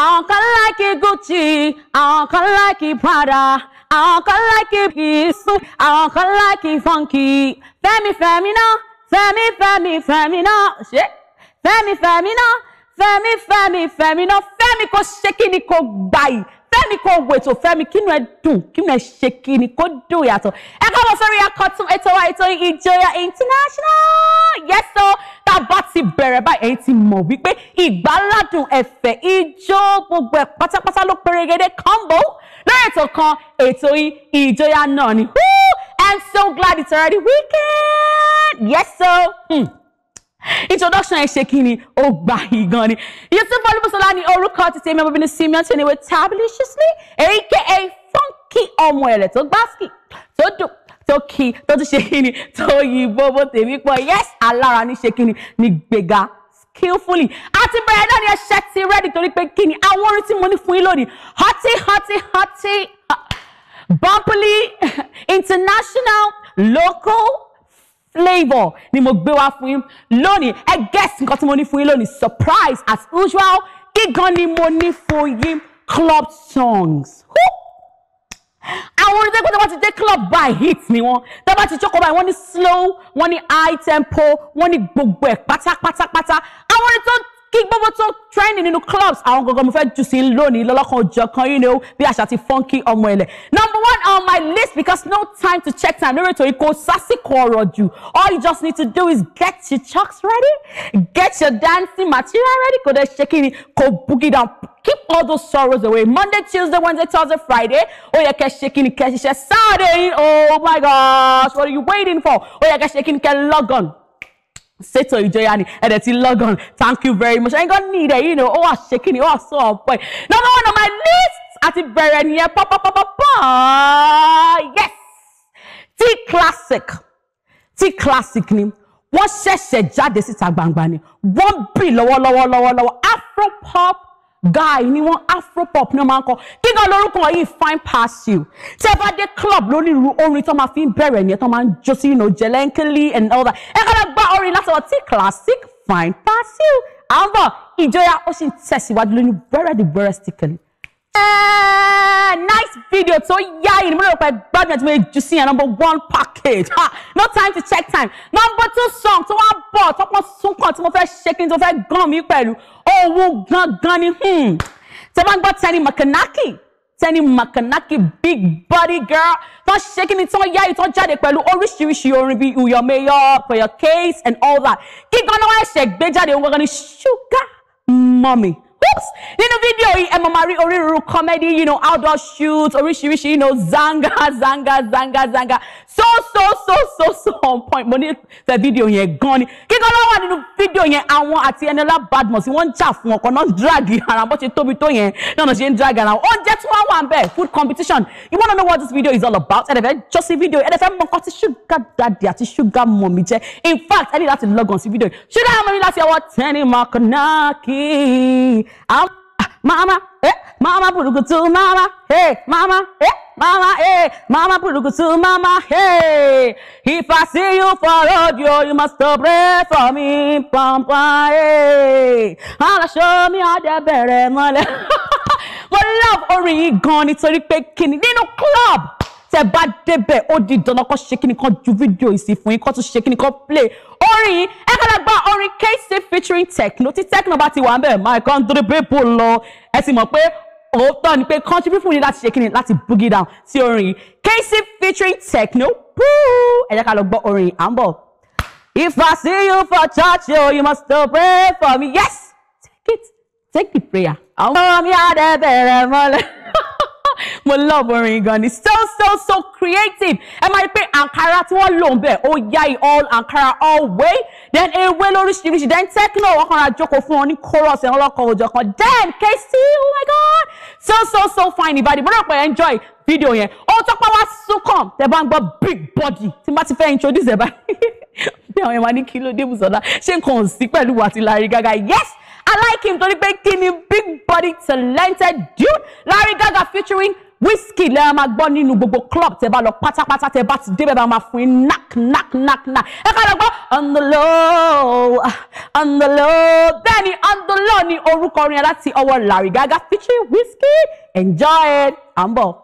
àwọn kan láìkí Gucci àwọn kan láìkí Prada àwọn kan láìkí bìísù àwọn kan láìkí funky fẹ́mi fẹ́mi náà fẹ́mi fẹ́mi fẹ́mi náà ṣé fẹ́mi fẹ́mi náà fẹ́mi fẹ́mi fẹ́mi náà fẹ́mi kò ṣe kí ni kò gbà fẹ́mi kò wò ètò fẹ́mi kínú ẹ dùn kínú ẹ ṣe kíni kó dùn yàtọ̀ ẹ káàbọ̀ sórí akọ̀tún ètò wa ètò ìjọyà international yes o tá a bá ti bẹ̀rẹ̀ báyìí ẹ̀yin ti mọ̀ wípé ìgbáládùn ẹ̀fẹ̀ ijó gbogbo ẹ̀ pátápátá ló pérégedé combo lórí ètò kan ètò ìjọyà náà ni i'm so glad it's already weekend yes o. Hmm introduction ẹ ṣe kí ni ó gbà yìí gan ni Yusuf Olúbùsọ́lá ni orúkọ ti tèmi ọmọbìnrin Simeon tí oníwèé Tabliciously aka funky ọmọ ẹ̀rẹ̀ tó gbásìkì tó dùn tó kí tó tún ṣe kí ni tó yìnbó bó tèmi pọ̀ yes alára ní ṣe kí ní gbéga skillfully àti bẹ̀rẹ̀ náà ni ẹ ṣe ti rẹ́dì torí pé kí ni àwọn orin tí mo ní fún yín lónìí hoti hoti hoti bumpily international local flavour ni mo gbé wá fún yín lónìí ẹ guess nǹkan tí mo ní fún yín lónìí surprise as usual gígan ni mo ní fún yín club songs. àwọn orin tẹ́gbọ́n tó bá ti dé club by hit ni wọ́n tó bá ti jókòó báyìí wọ́n ní slow wọ́n ní high tempo wọ́n ní gbogbo ẹ̀ pátápátápátá àwọn orin tó ń kí gbogbo tó trend nínú clubs àwọn gangan mo fẹ́ jù sí lónìí lọ́lọ́kan òjọ̀ kan yìí ni ó bí àṣà ti funky ọmọ ilẹ̀ number one on my list because no time to check time lórí ètò yìí kò sásìkò ọ̀rọ̀ jù all you just need to do is get your chucks ready get your dancing material ready kò dẹ̀ ṣe kí ni kò boogie down keep all those sorrows away monday tuesday wednesday thursday friday ó yẹ kẹ́ ṣe kíni kẹ́ ṣiṣẹ́ saturday oh my gosh what are you waiting for ó yẹ kẹ́ ṣe kíni kẹ́ log on Seto Ìjọyà ni ẹ̀dẹ̀ ti log thank you very much ẹ̀yin gan ní ìdẹ̀ yìí ni ó wà ṣe kí ni ó wà so on point number one on my list àti bẹ̀rẹ̀ nìyẹn pọ́pọ́pọ́pọ́ yes ti classic ti classic ni wọ́n ṣẹ̀ṣẹ̀ jáde síta gbangba ni wọ́n bì lọ́wọ́lọ́wọ́lọ́wọ́ afro pop guy ni wọ́n afropop ni wọ́n máa ń kọ kíkọ lórúkọ yìí fine pass you tí ẹ bá dé club lónírú orin tó máa fi ń bẹ̀rẹ̀ ni ẹ tó máa ń jó sí ìnà jẹlẹ́ńkìlì and all that ẹ kọ́ra gbá orin láti ọ̀ tí classic fine pass you àwọn ìjọya ó sì ń tẹ̀síwájú lónìí bẹ̀rẹ̀ the bẹ̀rẹ̀ stickily. Eh, nice video tó yá yìí ni mo lérò pé gbádùn ẹ̀ tí mo number one package ha no time to check time number two song tó wá bọ̀ tọ́pọ̀ sunkàn tí mo fẹ́ ṣe kí ni tó fẹ́ gàn mí pẹ̀lú owó gangan ni hmm. tẹ́ bá ń gbọ́ Tenny Makanaki Tenny Makanaki big body girl tó shaking it, kí ni tó yá yìí tó jáde pẹ̀lú oríṣiríṣi orin bíi uyo mayor for your case and all that kí gan-an wá ẹ̀ṣẹ̀ gbé jáde òun gangan ni sugar mommy oops nínú fídíò yìí ẹ mọ̀ máa comedy you know outdoor shoot oríṣiríṣi you know zanga zanga zanga zanga so so so so so on point the video, fẹ́ gone. yẹn gan ni kíkọ́ ló wà nínú fídíò yẹn at the end Badmus wọ́n ń jà fún ọkọ̀ náà drag ara bó ṣe tóbi tó yẹn náà ṣe ń drag ara wọn oúnjẹ tí wọ́n wà ń bẹ̀ food competition you wanna know what this video is all about ẹ̀dẹ̀fẹ́ video. fídíò ẹ̀dẹ̀fẹ́ mọ̀kọ́ ti sugar daddy àti sugar mommy jẹ́ in fact I need that to log on fídíò video. sugar mommy láti ọwọ́ Tenny Makanaki. I'm mama, eh, mama purukutu, mama, hey, mama, eh, mama, hey, mama purukutu, mama, hey. If I see you for road, yo, you must pray for me, pampa, hey. Allah show me how to better, mole. Mo love orin yìí gan nítorí pé kíni nínú club tẹ bá débẹ̀ ó di dandan kó ṣe kí ni kó ju fídíò ìsìn fún yín kó tún ṣe kí ni kó play orin yìí ẹ kọ́dà gba orin kc featuring Tekno tí Tekno bá ti wà ń bẹ̀ my country people lọ ẹ sì mọ̀ pé òótọ́ ni pé country people ní láti ṣe kí ni láti boogie down sí orin kc featuring Tekno púù ẹ jẹ́ ká lọ gbọ́ orin à ń bọ̀. If I see you for church, oh, you must still pray for me. Yes, take it, take the prayer. Àwọn ọmọ mi á dẹ́ bẹ̀rẹ̀ mọ́lẹ̀ mo love orin gan ni so so so creative ẹ máa rí ankara tí wọ́n lò ń bẹ̀ ó yá i all ankara all way then ewé lóríṣiríṣi then techno ọkàn ra jókòó fún wọn ní chorus ẹ̀wọ̀n lọ́kọ̀ òjọ̀ kan then Kcee oh my god so so so fine ìbàdí mo rò pé enjoy fídíò yẹn ohun tó pa wá sunkàn tẹ bá ń gbọ́ big body tí bá ti fẹ́ introduce ẹ̀ báyìí bí àwọn ẹ̀wọ̀n ní kí ló dé Bùsọ́lá ṣé nǹkan ò sí pẹ̀lú wa ti Larry Gaga yes I like him torí pé kí ni big body talented dude Larry Gaga featuring Whisky lẹ́yìn máa gbọ́ nínú gbogbo club tẹ́ bá lọ pátápátá tẹ́ bá ti débẹ̀ bá máa fún yín knack knack knack knack ẹ ká lọ gbọ́ on the low on the low bẹ́ẹ̀ ni on the low ni orúkọ orin ẹ láti ọwọ́ Larry Gaga featuring Whisky enjoy it à